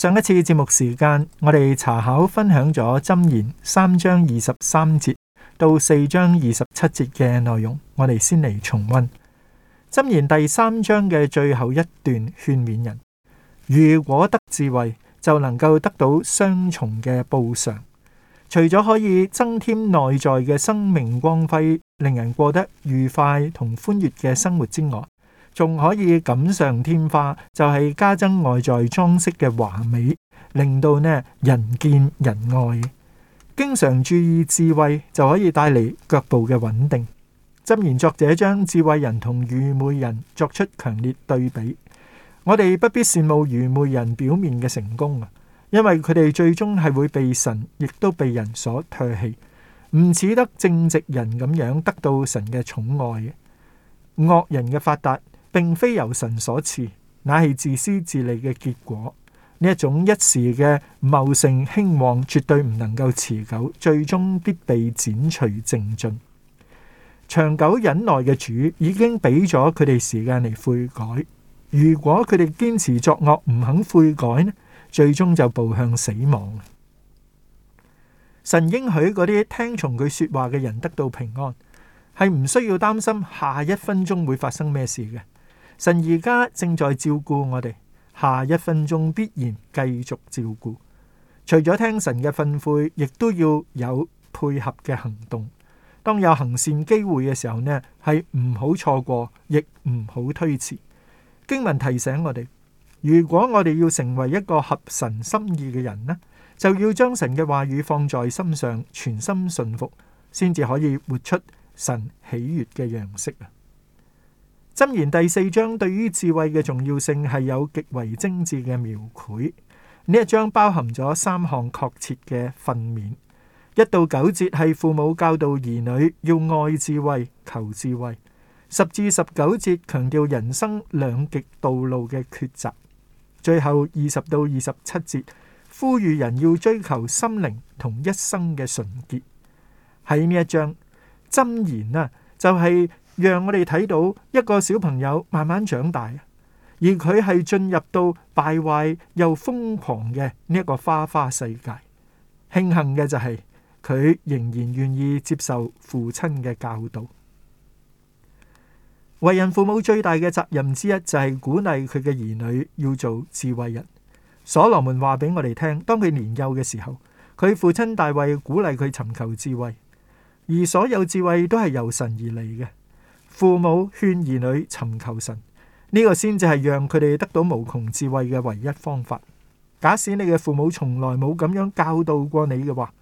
上一次節目時間，我哋查考分享咗《箴言》三章二十三節到四章二十七節嘅內容，我哋先嚟重溫《箴言》第三章嘅最後一段勸勉人：如果得智慧，就能夠得到雙重嘅報償，除咗可以增添內在嘅生命光輝，令人過得愉快同歡悅嘅生活之外。仲可以錦上添花，就係加增外在裝飾嘅華美，令到呢人見人愛。經常注意智慧，就可以帶嚟腳步嘅穩定。箴言作者將智慧人同愚昧人作出強烈對比。我哋不必羨慕愚昧人表面嘅成功啊，因為佢哋最終係會被神亦都被人所唾棄，唔似得正直人咁樣得到神嘅寵愛。惡人嘅發達，並非由神所賜，乃係自私自利嘅結果。呢一種一時嘅茂盛興旺，絕對唔能夠持久，最終必被剪除淨盡。長久忍耐嘅主已經俾咗佢哋時間嚟悔改。如果佢哋堅持作惡唔肯悔改呢，最終就步向死亡。神應許嗰啲聽從佢說話嘅人得到平安，係唔需要擔心下一分鐘會發生咩事嘅。神而家正在照顧我哋，下一分鐘必然繼續照顧。除咗聽神嘅訓誨，亦都要有配合嘅行動。當有行善機會嘅時候呢，係唔好錯過，亦唔好推遲。經文提醒我哋，如果我哋要成為一個合神心意嘅人呢，就要將神嘅話語放在心上，全心信服，先至可以活出神喜悅嘅樣式。《箴言》第四章對於智慧嘅重要性係有極為精致嘅描繪。呢一章包含咗三項確切嘅訓勉：一到九節係父母教導兒女要愛智慧、求智慧；十至十九節強調人生兩極道路嘅抉擇；最後二十到二十七節呼籲人要追求心靈同一生嘅純潔。喺呢一章，《箴言》啊就係、是。讓我哋睇到一個小朋友慢慢長大，而佢係進入到敗壞又瘋狂嘅呢一個花花世界。慶幸嘅就係，佢仍然願意接受父親嘅教導。為人父母最大嘅責任之一就係鼓勵佢嘅兒女要做智慧人。所羅門話俾我哋聽，當佢年幼嘅時候，佢父親大衛鼓勵佢尋求智慧，而所有智慧都係由神而嚟嘅。父母勸兒女尋求神，呢、這個先至係讓佢哋得到無窮智慧嘅唯一方法。假使你嘅父母從來冇咁樣教導過你嘅話，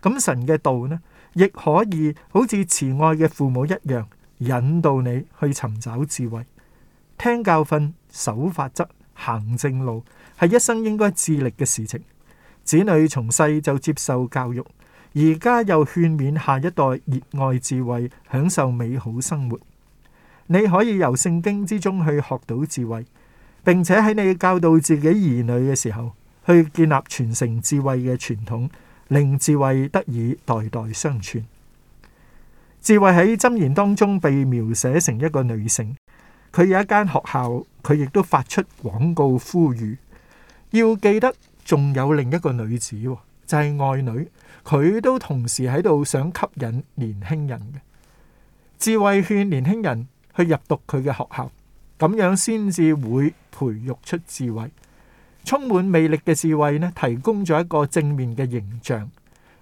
咁神嘅道呢，亦可以好似慈愛嘅父母一樣，引導你去尋找智慧。聽教訓、守法則、行正路，係一生應該致力嘅事情。子女從細就接受教育，而家又勸勉下一代熱愛智慧，享受美好生活。你可以由聖經之中去學到智慧，並且喺你教導自己兒女嘅時候，去建立傳承智慧嘅傳統，令智慧得以代代相傳。智慧喺箴言當中被描寫成一個女性，佢有一間學校，佢亦都發出廣告呼籲，要記得仲有另一個女子，就係、是、外女，佢都同時喺度想吸引年輕人嘅智慧勸年輕人。去入讀佢嘅學校，咁樣先至會培育出智慧，充滿魅力嘅智慧呢？提供咗一個正面嘅形象，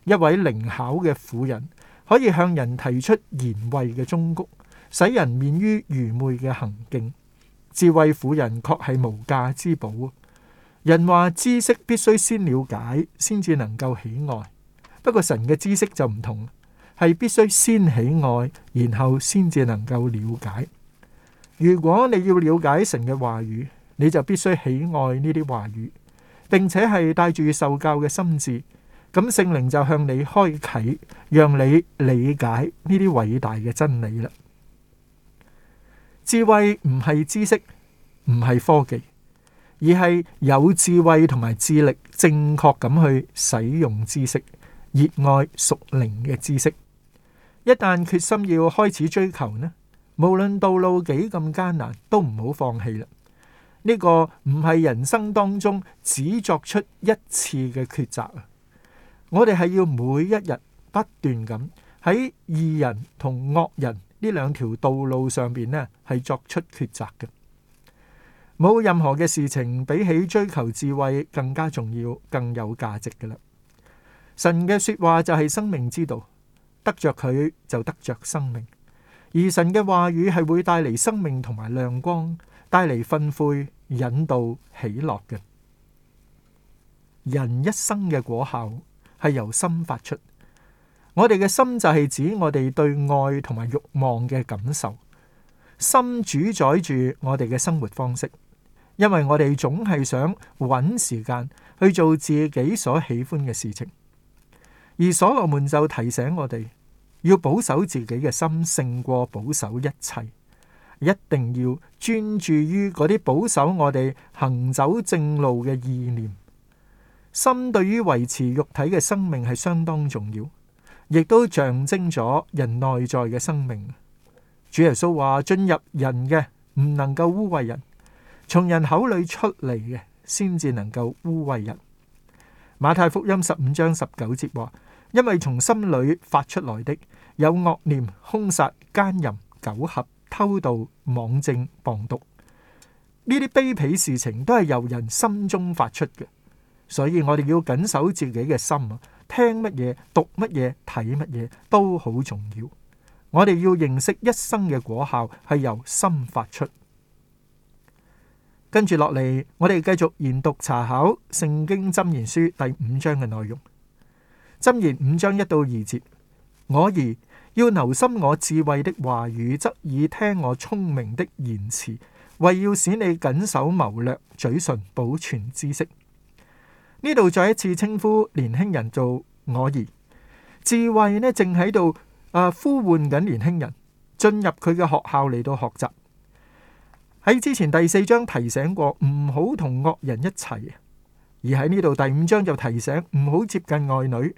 一位靈巧嘅婦人可以向人提出賢慧嘅忠告，使人免於愚昧嘅行徑。智慧婦人確係無價之寶。人話知識必須先了解，先至能夠喜愛。不過神嘅知識就唔同。係必須先喜愛，然後先至能夠了解。如果你要了解神嘅話語，你就必須喜愛呢啲話語，並且係帶住受教嘅心智，咁聖靈就向你開啟，讓你理解呢啲偉大嘅真理啦。智慧唔係知識，唔係科技，而係有智慧同埋智力，正確咁去使用知識，熱愛屬靈嘅知識。一旦決心要開始追求呢，無論道路幾咁艱難，都唔好放棄啦。呢個唔係人生當中只作出一次嘅抉擇啊！我哋係要每一日不斷咁喺義人同惡人呢兩條道路上邊呢，係作出抉擇嘅。冇任何嘅事情比起追求智慧更加重要、更有價值噶啦。神嘅說話就係生命之道。得着佢就得着生命，而神嘅話語係會帶嚟生命同埋亮光，帶嚟訓誨、引導、喜樂嘅。人一生嘅果效係由心發出，我哋嘅心就係指我哋對愛同埋欲望嘅感受。心主宰住我哋嘅生活方式，因為我哋總係想揾時間去做自己所喜歡嘅事情，而所羅門就提醒我哋。要保守自己嘅心勝過保守一切，一定要專注於嗰啲保守我哋行走正路嘅意念。心對於維持肉體嘅生命係相當重要，亦都象徵咗人內在嘅生命。主耶穌話：進入人嘅唔能夠污穢人，從人口裏出嚟嘅先至能夠污穢人。馬太福音十五章十九節話。因為從心裏發出來的有惡念、兇殺、姦淫、苟合、偷盜、妄證、謗讟，呢啲卑鄙事情都係由人心中發出嘅，所以我哋要緊守自己嘅心啊！聽乜嘢、讀乜嘢、睇乜嘢都好重要，我哋要認識一生嘅果效係由心發出。跟住落嚟，我哋繼續研讀查考《聖經箴言書》第五章嘅內容。箴言五章一到二節，我兒要留心我智慧的話語，側耳聽我聰明的言辭，為要使你謹守謀略，嘴唇保存知識。呢度再一次稱呼年輕人做我兒，智慧呢正喺度啊呼喚緊年輕人進入佢嘅學校嚟到學習。喺之前第四章提醒過唔好同惡人一齊，而喺呢度第五章就提醒唔好接近外女。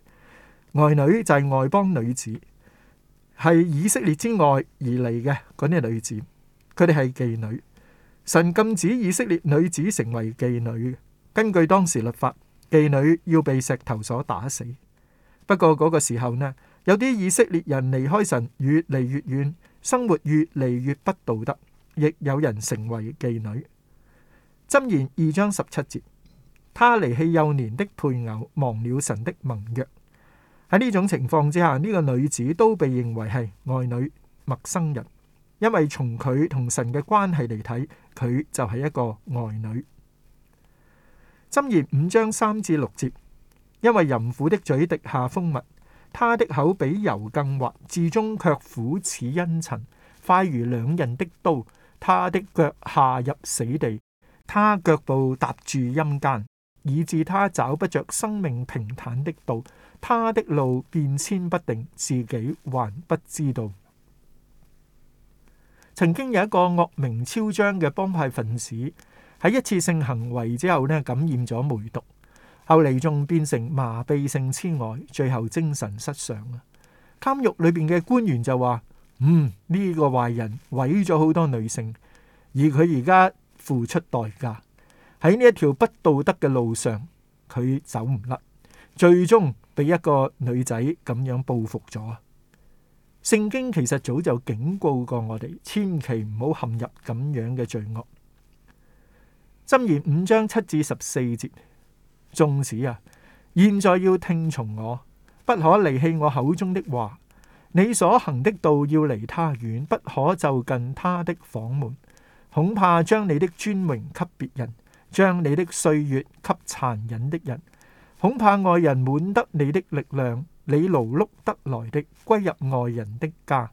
外女就係外邦女子，係以色列之外而嚟嘅嗰啲女子，佢哋係妓女。神禁止以色列女子成為妓女，根據當時律法，妓女要被石頭所打死。不過嗰個時候呢，有啲以色列人離開神越嚟越遠，生活越嚟越不道德，亦有人成為妓女。箴言二章十七節，他離棄幼年的配偶，忘了神的盟約。喺呢種情況之下，呢個女子都被認為係外女、陌生人，因為從佢同神嘅關係嚟睇，佢就係一個外女。箴言五章三至六節，因為淫婦的嘴滴下蜂蜜，她的口比油更滑，至終卻苦似茵蔯，快如兩刃的刀。她的腳下入死地，她腳步踏住陰間，以致她找不著生命平坦的道。他的路變遷不定，自己還不知道。曾經有一個惡名昭彰嘅幫派分子喺一次性行為之後呢，感染咗梅毒，後嚟仲變成麻痹性痴呆，最後精神失常啊！監獄裏邊嘅官員就話，嗯，呢個壞人毀咗好多女性，而佢而家付出代價喺呢一條不道德嘅路上，佢走唔甩。最終被一個女仔咁樣報復咗。聖經其實早就警告過我哋，千祈唔好陷入咁樣嘅罪惡。箴言五章七至十四節，眾子啊，現在要聽從我，不可離棄我口中的話。你所行的道要離他遠，不可就近他的房門。恐怕將你的尊榮給別人，將你的歲月給殘忍的人。恐怕外人滿得你的力量，你勞碌得來的歸入外人的家。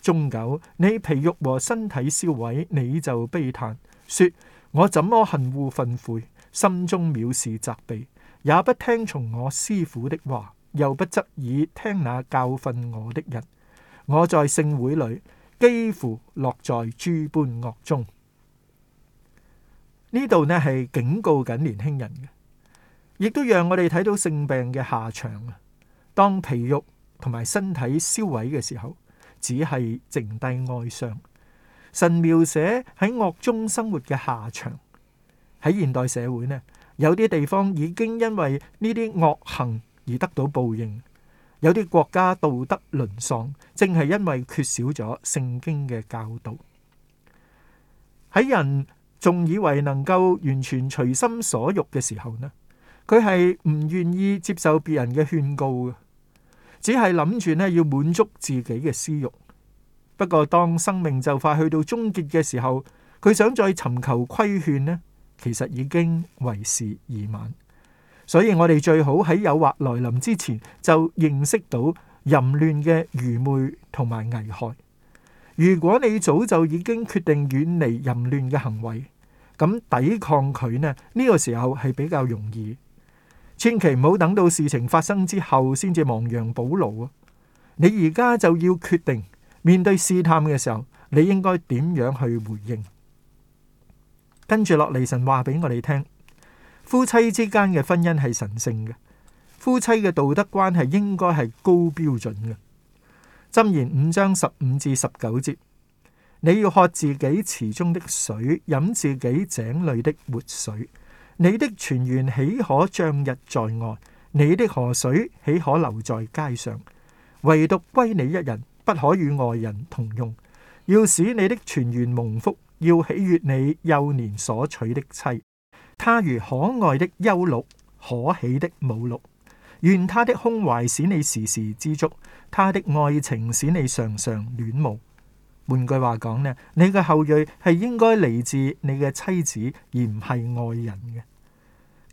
終久，你皮肉和身體消毀，你就悲嘆，說：我怎麼恨惡訓誨，心中藐視責備，也不聽從我師傅的話，又不側耳聽那教訓我的人。我在聖會裏幾乎落在諸般惡中。呢度呢，係警告緊年輕人亦都讓我哋睇到性病嘅下場啊！當皮肉同埋身體消毀嘅時候，只係剩低哀傷。神描寫喺惡中生活嘅下場，喺現代社會呢？有啲地方已經因為呢啲惡行而得到報應，有啲國家道德淪喪，正係因為缺少咗聖經嘅教導。喺人仲以為能夠完全隨心所欲嘅時候呢？佢係唔願意接受別人嘅勸告嘅，只係諗住咧要滿足自己嘅私慾。不過，當生命就快去到終結嘅時候，佢想再尋求規勸呢，其實已經為時已晚。所以我哋最好喺誘惑來臨之前就認識到淫亂嘅愚昧同埋危害。如果你早就已經決定遠離淫亂嘅行為，咁抵抗佢呢，呢、呢個時候係比較容易。千祈唔好等到事情發生之後先至亡羊補牢啊！你而家就要決定，面對試探嘅時候，你應該點樣去回應？跟住落嚟神話俾我哋聽，夫妻之間嘅婚姻係神聖嘅，夫妻嘅道德關係應該係高標準嘅。箴言五章十五至十九節，你要喝自己池中的水，飲自己井裏的活水。你的泉源豈可將日在外？你的河水豈可留在街上？唯獨歸你一人，不可與外人同用。要使你的泉源蒙福，要喜悦你幼年所娶的妻，她如可愛的麀鹿，可喜的母鹿。願她的胸懷使你時時知足，她的愛情使你常常戀慕。換句話講呢，你嘅後裔係應該嚟自你嘅妻子，而唔係外人嘅。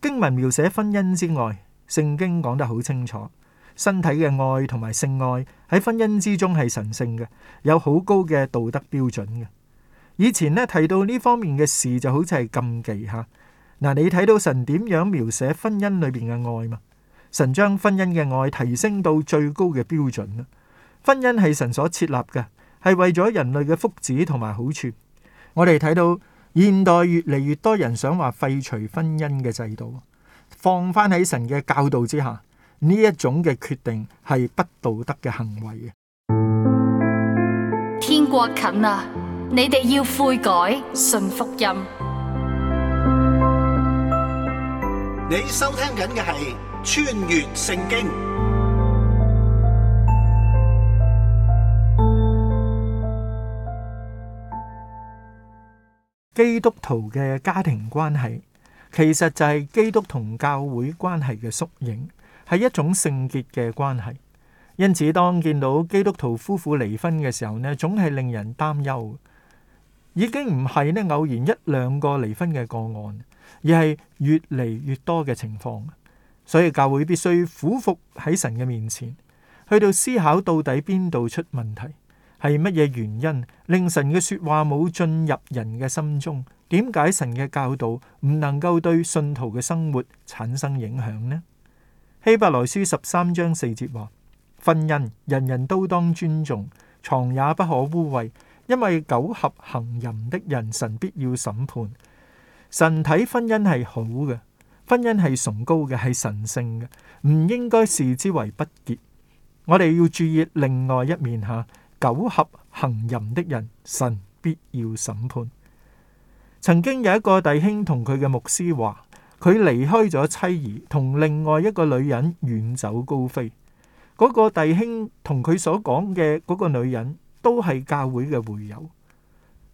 經文描寫婚姻之外，聖經講得好清楚，身體嘅愛同埋性愛喺婚姻之中係神聖嘅，有好高嘅道德標準嘅。以前呢提到呢方面嘅事就好似係禁忌吓。嗱，你睇到神點樣描寫婚姻裏邊嘅愛嘛？神將婚姻嘅愛提升到最高嘅標準啦。婚姻係神所設立嘅。係為咗人類嘅福祉同埋好處，我哋睇到現代越嚟越多人想話廢除婚姻嘅制度，放翻喺神嘅教導之下，呢一種嘅決定係不道德嘅行為嘅。天國近啦，你哋要悔改，信福音。你收聽緊嘅係穿越聖經。基督徒嘅家庭關係，其實就係基督同教會關係嘅縮影，係一種聖潔嘅關係。因此，當見到基督徒夫婦離婚嘅時候呢，總係令人擔憂。已經唔係呢偶然一兩個離婚嘅個案，而係越嚟越多嘅情況。所以教會必須俯伏喺神嘅面前，去到思考到底邊度出問題。係乜嘢原因令神嘅說話冇進入人嘅心中？點解神嘅教導唔能夠對信徒嘅生活產生影響呢？希伯來書十三章四節話：婚姻人,人人都當尊重，床也不可污穢，因為苟合行淫的人，神必要審判。神睇婚姻係好嘅，婚姻係崇高嘅，係神聖嘅，唔應該視之為不潔。我哋要注意另外一面吓。苟合行淫的人，神必要審判。曾經有一個弟兄同佢嘅牧師話，佢離開咗妻兒，同另外一個女人遠走高飛。嗰個弟兄同佢所講嘅嗰個女人，都係教會嘅會友。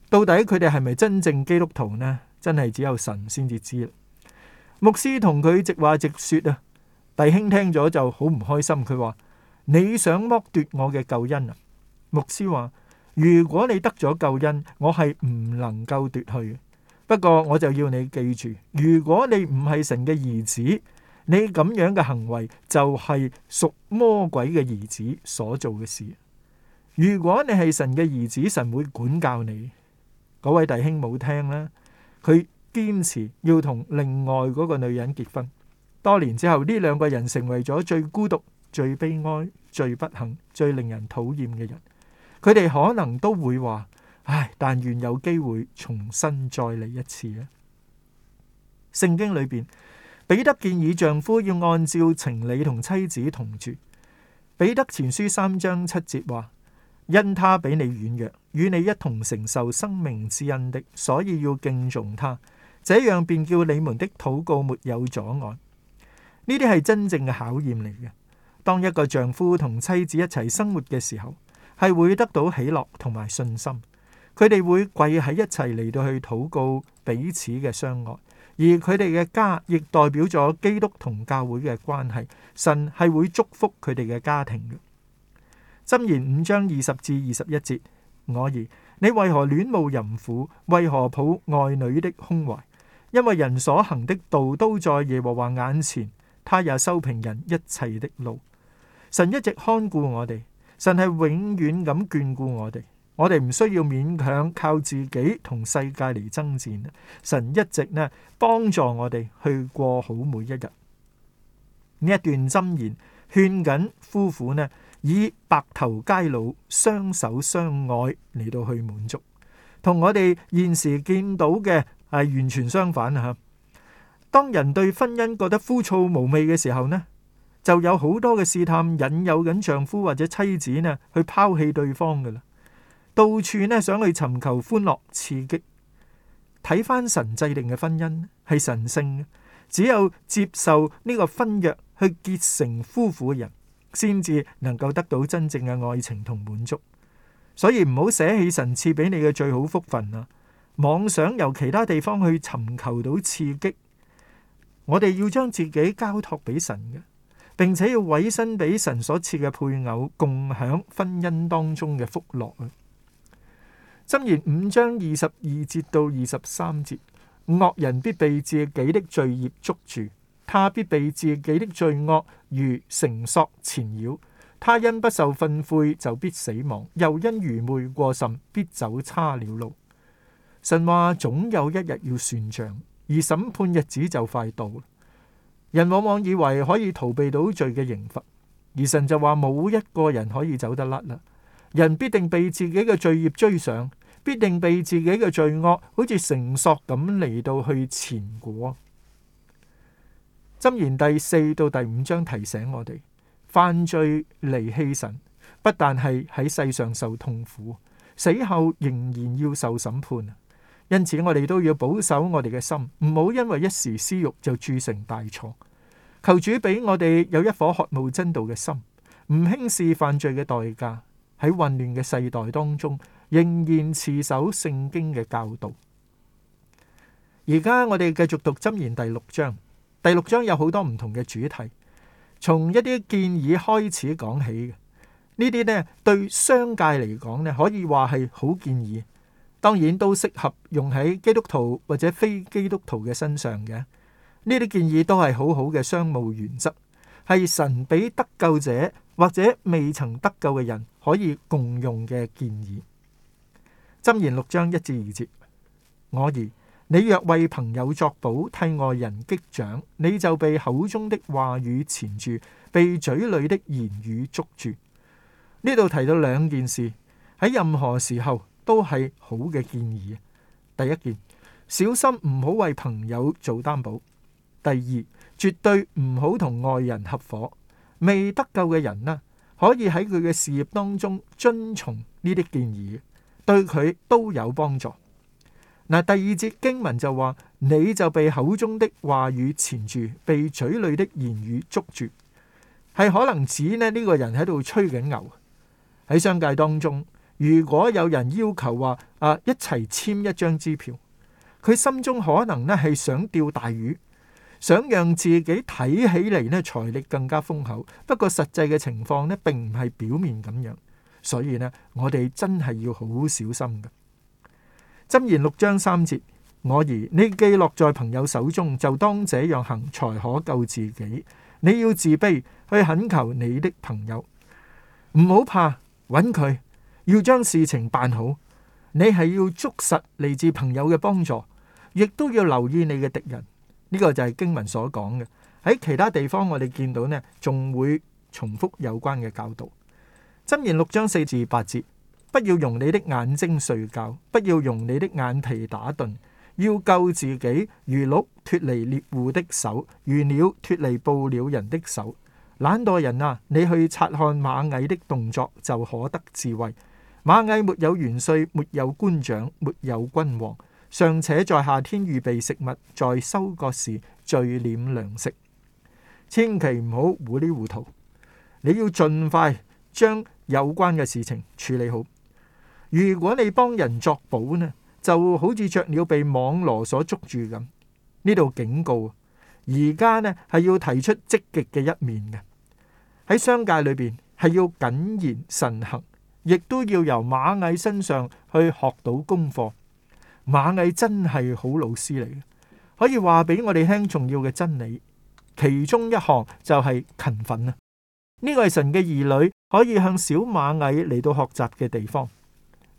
到底佢哋係咪真正基督徒呢？真係只有神先至知啦。牧師同佢直話直說啊，弟兄聽咗就好唔開心。佢話，你想剝奪我嘅救恩啊？牧師話：如果你得咗救恩，我係唔能夠奪去。不過我就要你記住，如果你唔係神嘅兒子，你咁樣嘅行為就係屬魔鬼嘅兒子所做嘅事。如果你係神嘅兒子，神會管教你。嗰位弟兄冇聽啦，佢堅持要同另外嗰個女人結婚。多年之後，呢兩個人成為咗最孤獨、最悲哀、最不幸、最令人討厭嘅人。佢哋可能都會話：唉，但願有機會重新再嚟一次咧。聖經裏邊，彼得建議丈夫要按照情理同妻子同住。彼得前書三章七節話：因他比你軟弱，與你一同承受生命之恩的，所以要敬重他，這樣便叫你們的禱告沒有阻礙。呢啲係真正嘅考驗嚟嘅。當一個丈夫同妻子一齊生活嘅時候。係會得到喜樂同埋信心，佢哋會跪喺一齊嚟到去禱告彼此嘅相愛，而佢哋嘅家亦代表咗基督同教會嘅關係。神係會祝福佢哋嘅家庭嘅。箴言五章二十至二十一節，我兒，你為何戀慕淫婦？為何抱愛女的胸懷？因為人所行的道都在耶和華眼前，他也修平人一切的路。神一直看顧我哋。神係永遠咁眷顧我哋，我哋唔需要勉強靠自己同世界嚟爭戰啊！神一直呢幫助我哋去過好每一日。呢一段箴言勸緊夫婦呢，以白頭偕老、雙手相愛嚟到去滿足，同我哋現時見到嘅係完全相反啊！當人對婚姻覺得枯燥無味嘅時候呢，就有好多嘅試探引誘緊丈夫或者妻子呢去拋棄對方噶啦，到處呢想去尋求歡樂刺激。睇翻神制定嘅婚姻係神聖嘅，只有接受呢個婚約去結成夫婦嘅人，先至能夠得到真正嘅愛情同滿足。所以唔好捨棄神賜俾你嘅最好福分啊！妄想由其他地方去尋求到刺激，我哋要將自己交託俾神嘅。並且要委身俾神所賜嘅配偶，共享婚姻當中嘅福樂啊！箴言五章二十二節到二十三節：惡人必被自己的罪孽捉住，他必被自己的罪惡如繩索纏繞。他因不受訓誨就必死亡，又因愚昧過甚必走差了路。神話總有一日要算賬，而審判日子就快到。人往往以為可以逃避到罪嘅刑罰，而神就話冇一個人可以走得甩啦。人必定被自己嘅罪孽追上，必定被自己嘅罪惡好似繩索咁嚟到去纏裹。箴言第四到第五章提醒我哋，犯罪離棄神，不但係喺世上受痛苦，死後仍然要受審判。因此，我哋都要保守我哋嘅心，唔好因為一時私欲就鑄成大錯。求主俾我哋有一顆渴慕真道嘅心，唔輕視犯罪嘅代價。喺混亂嘅世代當中，仍然持守聖經嘅教導。而家我哋繼續讀箴言第六章。第六章有好多唔同嘅主題，從一啲建議開始講起嘅。呢啲呢，對商界嚟講，呢可以話係好建議。當然都適合用喺基督徒或者非基督徒嘅身上嘅，呢啲建議都係好好嘅商務原則，係神俾得救者或者未曾得救嘅人可以共用嘅建議。箴言六章一至二節，我兒，你若為朋友作保，替外人擊掌，你就被口中的話語纏住，被嘴裏的言語捉住。呢度提到兩件事，喺任何時候。都係好嘅建議。第一件，小心唔好為朋友做擔保；第二，絕對唔好同外人合夥。未得救嘅人呢，可以喺佢嘅事業當中遵從呢啲建議，對佢都有幫助。嗱，第二節經文就話，你就被口中的話語纏住，被嘴裏的言語捉住，係可能指呢呢個人喺度吹緊牛，喺商界當中。如果有人要求話啊，一齊簽一張支票，佢心中可能咧，係想釣大魚，想讓自己睇起嚟咧，財力更加豐厚。不過實際嘅情況咧，並唔係表面咁樣，所以呢，我哋真係要好小心噶。箴言六章三節，我兒，你既落在朋友手中，就當這樣行，才可救自己。你要自卑去懇求你的朋友，唔好怕揾佢。要將事情辦好，你係要捉實嚟自朋友嘅幫助，亦都要留意你嘅敵人。呢、這個就係經文所講嘅。喺其他地方我哋見到呢，仲會重複有關嘅教導。箴言六章四至八節，不要用你的眼睛睡覺，不要用你的眼皮打盹，要救自己如鹿脫離獵戶的手，如鳥脫離捕鳥人的手。懶惰人啊，你去察看螞蟻的動作，就可得智慧。螞蟻沒有元帥，沒有官長，沒有君王，尚且在夏天預備食物，在收割時聚斂糧食，千祈唔好糊裏糊塗。你要盡快將有關嘅事情處理好。如果你幫人作保呢，就好似雀鳥被網羅所捉住咁。呢度警告，而家呢係要提出積極嘅一面嘅。喺商界裏邊係要謹言慎行。亦都要由螞蟻身上去學到功課，螞蟻真係好老師嚟嘅，可以話俾我哋聽重要嘅真理。其中一項就係勤奮啊！呢個係神嘅兒女可以向小螞蟻嚟到學習嘅地方。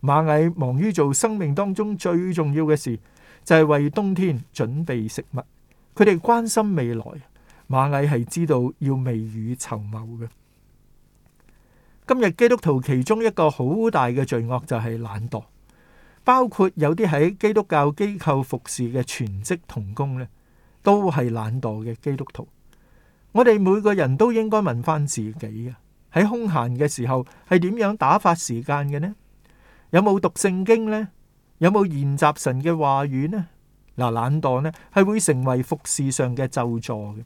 螞蟻忙於做生命當中最重要嘅事，就係為冬天準備食物。佢哋關心未來，螞蟻係知道要未雨綢繆嘅。今日基督徒其中一個好大嘅罪惡就係懶惰，包括有啲喺基督教機構服侍嘅全職同工呢，都係懶惰嘅基督徒。我哋每個人都應該問翻自己啊，喺空閒嘅時候係點樣打發時間嘅呢？有冇讀聖經呢？有冇研習神嘅話語呢？嗱，懶惰呢係會成為服侍上嘅咒詛嘅。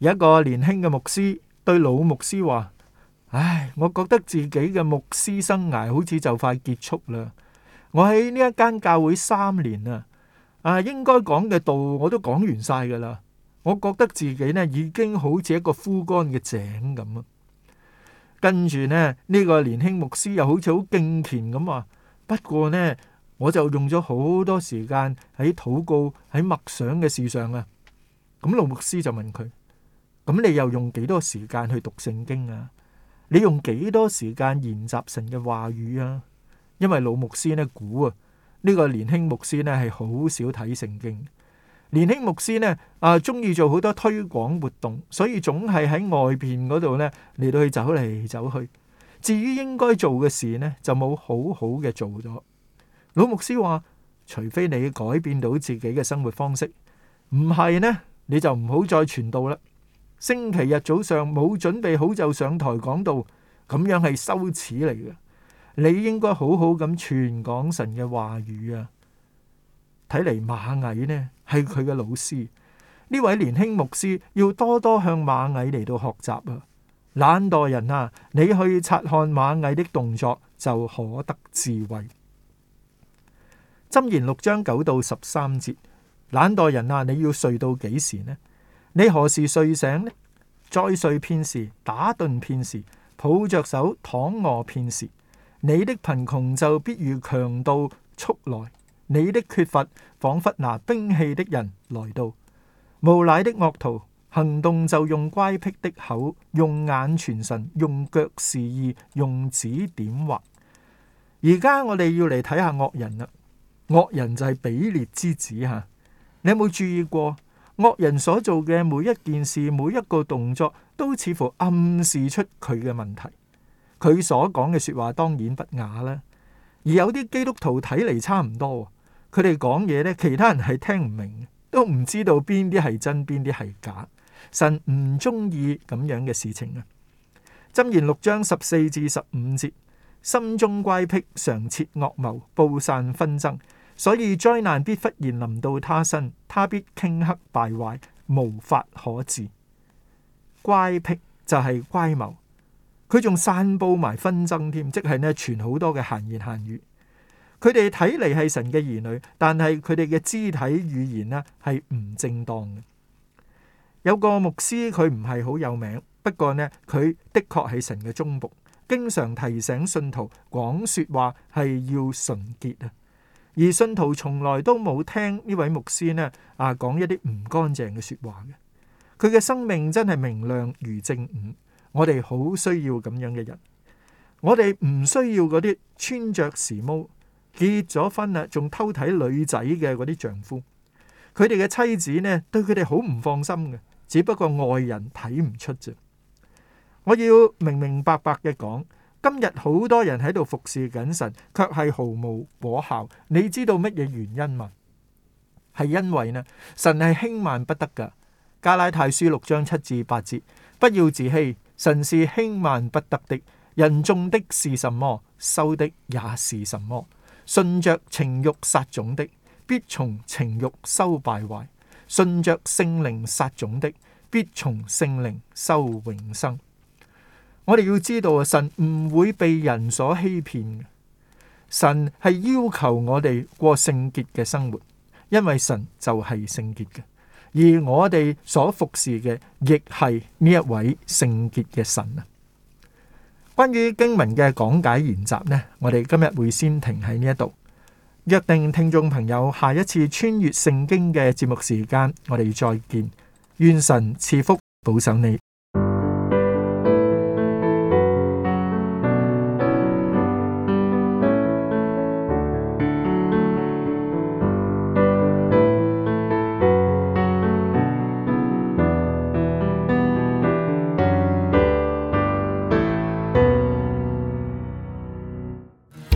有一個年輕嘅牧師對老牧師話。唉，我覺得自己嘅牧師生涯好似就快結束啦。我喺呢一間教會三年啦，啊，應該講嘅道我都講完曬噶啦。我覺得自己咧已經好似一個枯乾嘅井咁啊。跟住咧，呢個年輕牧師又好似好敬虔咁話。不過咧，我就用咗好多時間喺禱告喺默想嘅事上啊。咁老牧師就問佢，咁你又用幾多時間去讀聖經啊？你用幾多時間研習神嘅話語啊？因為老牧師咧估啊，呢個年輕牧師咧係好少睇聖經年輕牧師呢，啊，中意做好多推廣活動，所以總係喺外邊嗰度咧嚟,到去走嚟走去。至於應該做嘅事呢，就冇好好嘅做咗。老牧師話：，除非你改變到自己嘅生活方式，唔係呢，你就唔好再傳道啦。星期日早上冇準備好就上台講道，咁樣係羞恥嚟嘅。你應該好好咁傳講神嘅話語啊！睇嚟螞蟻呢係佢嘅老師，呢位年輕牧師要多多向螞蟻嚟到學習啊！懶惰人啊，你去察看螞蟻的動作就可得智慧。箴言六章九到十三節，懶惰人啊，你要睡到幾時呢？你何時睡醒呢？再睡片時，打盹片時，抱着手躺卧片時，你的貧窮就必如強盜速來，你的缺乏仿佛拿兵器的人來到。無賴的惡徒行動，就用乖僻的口，用眼傳神，用腳示意，用指點畫。而家我哋要嚟睇下惡人啦，惡人就係比列之子吓。你有冇注意過？惡人所做嘅每一件事，每一個動作，都似乎暗示出佢嘅問題。佢所講嘅說話當然不雅啦。而有啲基督徒睇嚟，差唔多，佢哋講嘢呢，其他人係聽唔明，都唔知道邊啲係真邊啲係假。神唔中意咁樣嘅事情啊！箴言六章十四至十五節，心中乖僻，常設惡謀，布散紛爭。所以災難必忽然臨到他身，他必頃刻敗壞，無法可治。乖僻就係乖謀，佢仲散布埋紛爭添，即係呢，傳好多嘅閒言閒語。佢哋睇嚟係神嘅兒女，但係佢哋嘅肢體語言呢係唔正當嘅。有個牧師，佢唔係好有名，不過呢，佢的確係神嘅忠僕，經常提醒信徒講說話係要純潔啊。而信徒從來都冇聽呢位牧師咧啊講一啲唔乾淨嘅說話嘅，佢嘅生命真係明亮如正午，我哋好需要咁樣嘅人，我哋唔需要嗰啲穿着時髦、結咗婚啦仲偷睇女仔嘅嗰啲丈夫，佢哋嘅妻子咧對佢哋好唔放心嘅，只不過外人睇唔出啫。我要明明白白嘅講。今日好多人喺度服侍緊神，卻係毫無果效。你知道乜嘢原因嗎？係因為呢，神係輕慢不得㗎。加拉太書六章七至八節：不要自欺，神是輕慢不得的。人種的是什麼，收的也是什麼。順着情欲撒種的，必從情欲收敗壞；順着聖靈撒種的，必從聖靈收永生。我哋要知道，神唔會被人所欺騙，神係要求我哋過聖潔嘅生活，因為神就係聖潔嘅，而我哋所服侍嘅亦係呢一位聖潔嘅神啊。關於經文嘅講解研習呢，我哋今日會先停喺呢一度。約定聽眾朋友下一次穿越聖經嘅節目時間，我哋再見。願神賜福保守你。